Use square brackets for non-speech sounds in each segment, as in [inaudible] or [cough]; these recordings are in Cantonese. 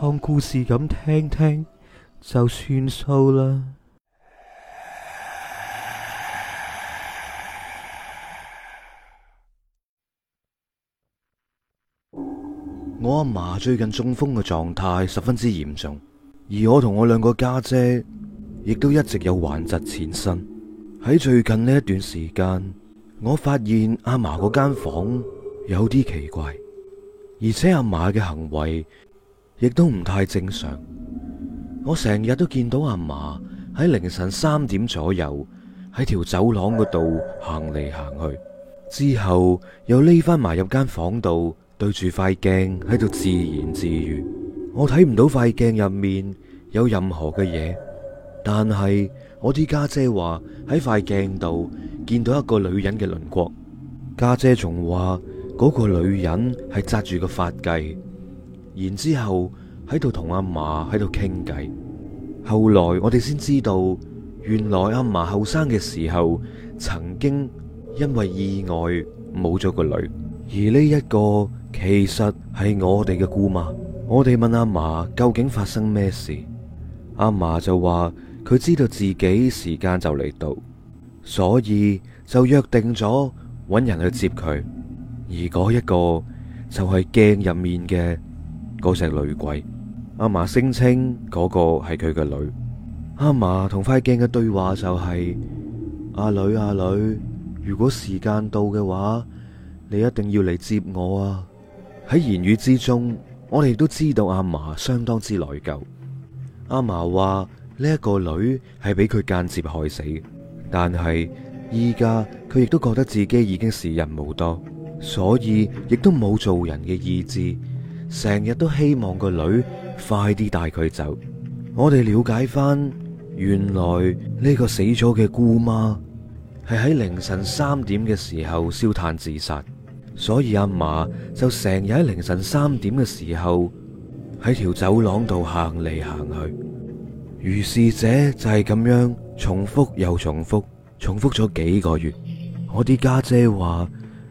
當故事咁聽聽就算數啦。 [noise] 我阿嫲最近中風嘅狀態十分之嚴重，而我同我兩個家姐亦都一直有患疾纏身。喺最近呢一段時間，我發現阿嫲嗰間房有啲奇怪，而且阿嫲嘅行為。亦都唔太正常。我成日都見到阿嫲喺凌晨三點左右喺條走廊嗰度行嚟行去，之後又匿翻埋入間房度，對住塊鏡喺度自言自語。我睇唔到塊鏡入面有任何嘅嘢，但係我啲家姐話喺塊鏡度見到一個女人嘅輪廓。家姐仲話嗰個女人係紮住個髮髻。然之後喺度同阿嫲喺度傾偈。後來我哋先知道，原來阿嫲後生嘅時候曾經因為意外冇咗個女，而呢一個其實係我哋嘅姑媽。我哋問阿嫲究竟發生咩事，阿嫲就話佢知道自己時間就嚟到，所以就約定咗搵人去接佢。而嗰一個就係鏡入面嘅。嗰隻女鬼，阿嫲聲稱嗰個係佢嘅女。阿嫲同塊鏡嘅對話就係：阿女，阿女，如果時間到嘅話，你一定要嚟接我啊！喺言語之中，我哋都知道阿嫲相當之內疚。阿嫲話呢一個女係俾佢間接害死，但係依家佢亦都覺得自己已經時人無多，所以亦都冇做人嘅意志。成日都希望個女快啲帶佢走。我哋了解翻，原來呢個死咗嘅姑媽係喺凌晨三點嘅時候燒炭自殺，所以阿嫲就成日喺凌晨三點嘅時候喺條走廊度行嚟行去。如是者就係咁樣重複又重複，重複咗幾個月。我啲家姐話，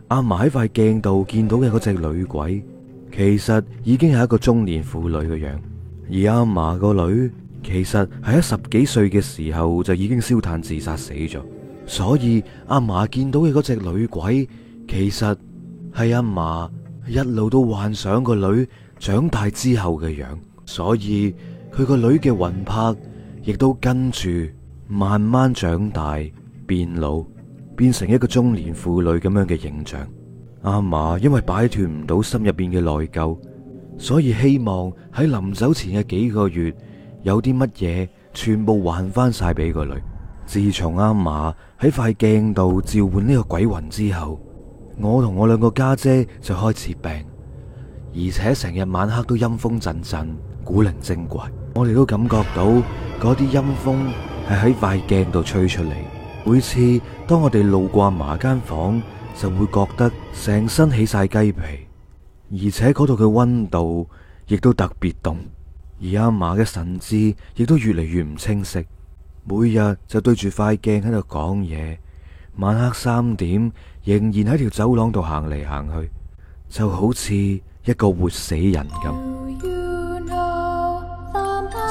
阿嫲喺塊鏡度見到嘅嗰隻女鬼。其實已經係一個中年婦女嘅樣，而阿嫲個女其實係喺十幾歲嘅時候就已經燒炭自殺死咗，所以阿嫲見到嘅嗰隻女鬼，其實係阿嫲一路都幻想個女長大之後嘅樣，所以佢個女嘅魂魄亦都跟住慢慢長大變老，變成一個中年婦女咁樣嘅形象。阿嫲因為擺脫唔到心入邊嘅內疚，所以希望喺臨走前嘅幾個月有啲乜嘢，全部還翻晒俾個女。自從阿嫲喺塊鏡度召喚呢個鬼魂之後，我同我兩個家姐，姐就開始病，而且成日晚黑都陰風陣陣，古靈精怪。我哋都感覺到嗰啲陰風係喺塊鏡度吹出嚟。每次當我哋路過阿嫲間房間，就會覺得成身起晒雞皮，而且嗰度嘅溫度亦都特別凍，而阿媽嘅神志亦都越嚟越唔清晰，每日就對住塊鏡喺度講嘢，晚黑三點仍然喺條走廊度行嚟行去，就好似一個活死人咁。